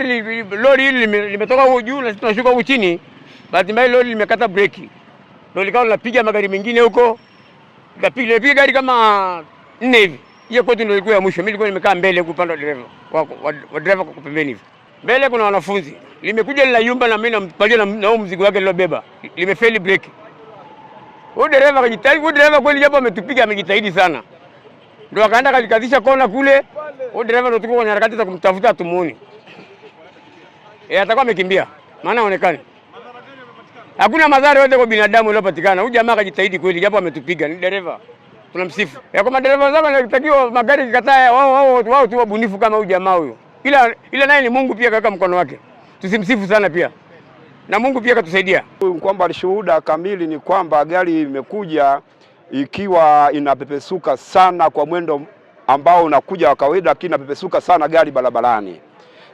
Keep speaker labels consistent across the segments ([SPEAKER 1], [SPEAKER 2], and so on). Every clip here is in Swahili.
[SPEAKER 1] gari Lori hili limetoka huko juu na sisi tunashuka huko chini. Bahati mbaya lori limekata breki, ndio likawa linapiga magari mengine huko, likapiga gari kama nne hivi. Hiyo kwetu ndio ilikuwa ya mwisho. Mimi nilikuwa nimekaa mbele huko upande wa dereva wa wa, wa dereva kwa pembeni hivi, mbele kuna wanafunzi. Limekuja yumba na mimi nampalia na na mzigo wake nilobeba, limefeli breki. Huyo dereva akajitahidi, huyo dereva kweli, japo ametupiga, amejitahidi sana, ndio akaenda akajikazisha kona kule. Huyo dereva ndio tuko kwenye harakati za kumtafuta, hatumuoni e, atakuwa amekimbia, maana haonekani. hakuna madhara yote kwa binadamu yaliyopatikana. Huyu jamaa akajitahidi kweli, japo ametupiga. Ni dereva tunamsifu, ya kwamba madereva zao wanatakiwa magari kikataa, wao wao wao tu wabunifu kama huyu jamaa huyo, ila ila naye ni Mungu pia kaweka mkono wake, tusimsifu sana pia na Mungu pia katusaidia.
[SPEAKER 2] Kwamba shuhuda kamili ni kwamba gari imekuja ikiwa inapepesuka sana kwa mwendo ambao unakuja wa kawaida, lakini inapepesuka sana gari barabarani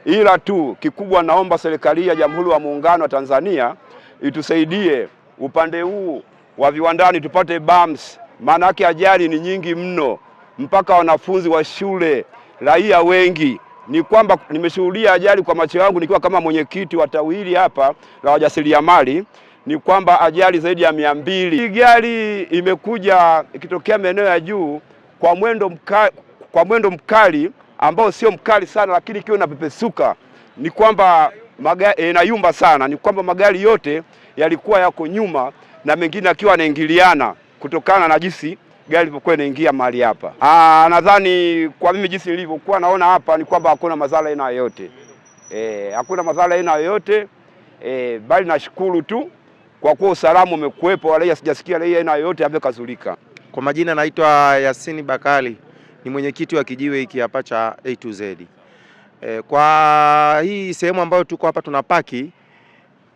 [SPEAKER 2] ila tu kikubwa, naomba serikali ya Jamhuri ya Muungano wa Tanzania itusaidie upande huu wa viwandani tupate bams, maana yake ajali ni nyingi mno, mpaka wanafunzi wa shule, raia wengi ni kwamba nimeshuhudia ajali kwa macho yangu nikiwa kama mwenyekiti wa tawili hapa la wajasiriamali, ni kwamba ajali zaidi ya mia mbili. Hii gari imekuja ikitokea maeneo ya juu kwa mwendo mkali, kwa mwendo mkali ambao sio mkali sana, lakini ikiwa inapepesuka ni kwamba magari eh, inayumba sana, ni kwamba magari yote yalikuwa yako nyuma na mengine akiwa anaingiliana kutokana na jinsi gari lilivyokuwa inaingia mahali hapa. Ah, nadhani kwa mimi jinsi nilivyokuwa naona hapa ni kwamba hakuna madhara aina yoyote e, hakuna madhara aina yoyote e, bali nashukuru tu kwa kuwa usalama umekuwepo, wala sijasikia aina yoyote ambayo kazulika.
[SPEAKER 3] Kwa majina naitwa Yasini bakali ni mwenyekiti wa kijiwe hiki hapa cha A to Z. Eh, kwa hii sehemu ambayo tuko hapa tunapaki,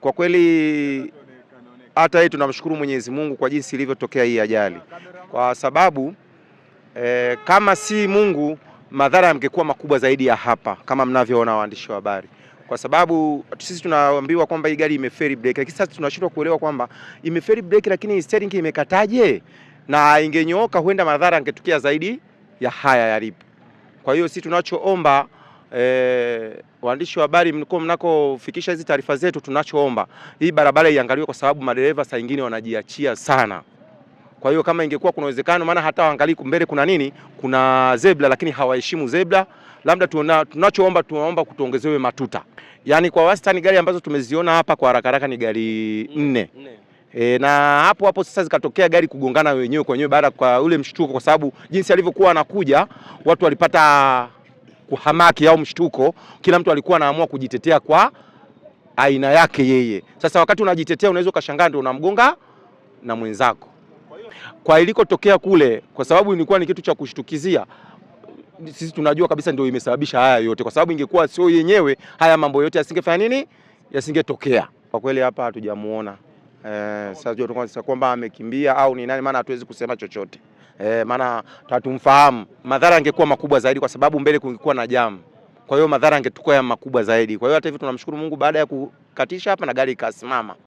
[SPEAKER 3] kwa kweli hata hii tunamshukuru Mwenyezi Mungu kwa jinsi ilivyotokea hii ajali, kwa sababu eh, kama si Mungu madhara yangekuwa makubwa zaidi ya hapa kama mnavyoona waandishi wa habari, kwa sababu sisi tunaambiwa kwamba hii gari imeferi break, lakini sasa tunashindwa kuelewa kwamba imeferi break, lakini steering imekataje, na ingenyooka huenda madhara yangetukia zaidi ya haya yalipo. Kwa hiyo si tunachoomba E, waandishi wa habari mlikuwa mnakofikisha hizi taarifa zetu, tunachoomba hii barabara iangaliwe, kwa sababu madereva saa nyingine wanajiachia sana. Kwa hiyo kama ingekuwa kuna uwezekano, maana hata waangalie mbele kuna nini, kuna zebra lakini hawaheshimu zebra. Labda tunachoomba, tunaomba kutuongezewe matuta. yaani kwa wastani gari ambazo tumeziona hapa kwa haraka haraka ni gari nne. E, na hapo hapo sasa zikatokea gari kugongana wenyewe kwa wenyewe baada kwa ule mshtuko, kwa sababu jinsi alivyokuwa anakuja watu walipata kuhamaki au mshtuko, kila mtu alikuwa anaamua kujitetea kwa aina yake yeye. Sasa wakati unajitetea unaweza ukashangaa ndio unamgonga na mwenzako. Kwa ilikotokea kule, kwa sababu ilikuwa ni kitu cha kushtukizia, sisi tunajua kabisa ndio imesababisha haya yote, kwa sababu ingekuwa sio yenyewe, haya mambo yote yasingefanya nini, yasingetokea. Kwa kweli hapa hatujamuona. Eh, sasa kwamba amekimbia au ni nani, maana hatuwezi kusema chochote eh, maana tatumfahamu. Madhara angekuwa makubwa zaidi, kwa sababu mbele kungekuwa na jamu, kwa hiyo madhara yangetukua makubwa zaidi. Kwa hiyo hata hivi tunamshukuru Mungu, baada ya kukatisha hapa na gari ikasimama.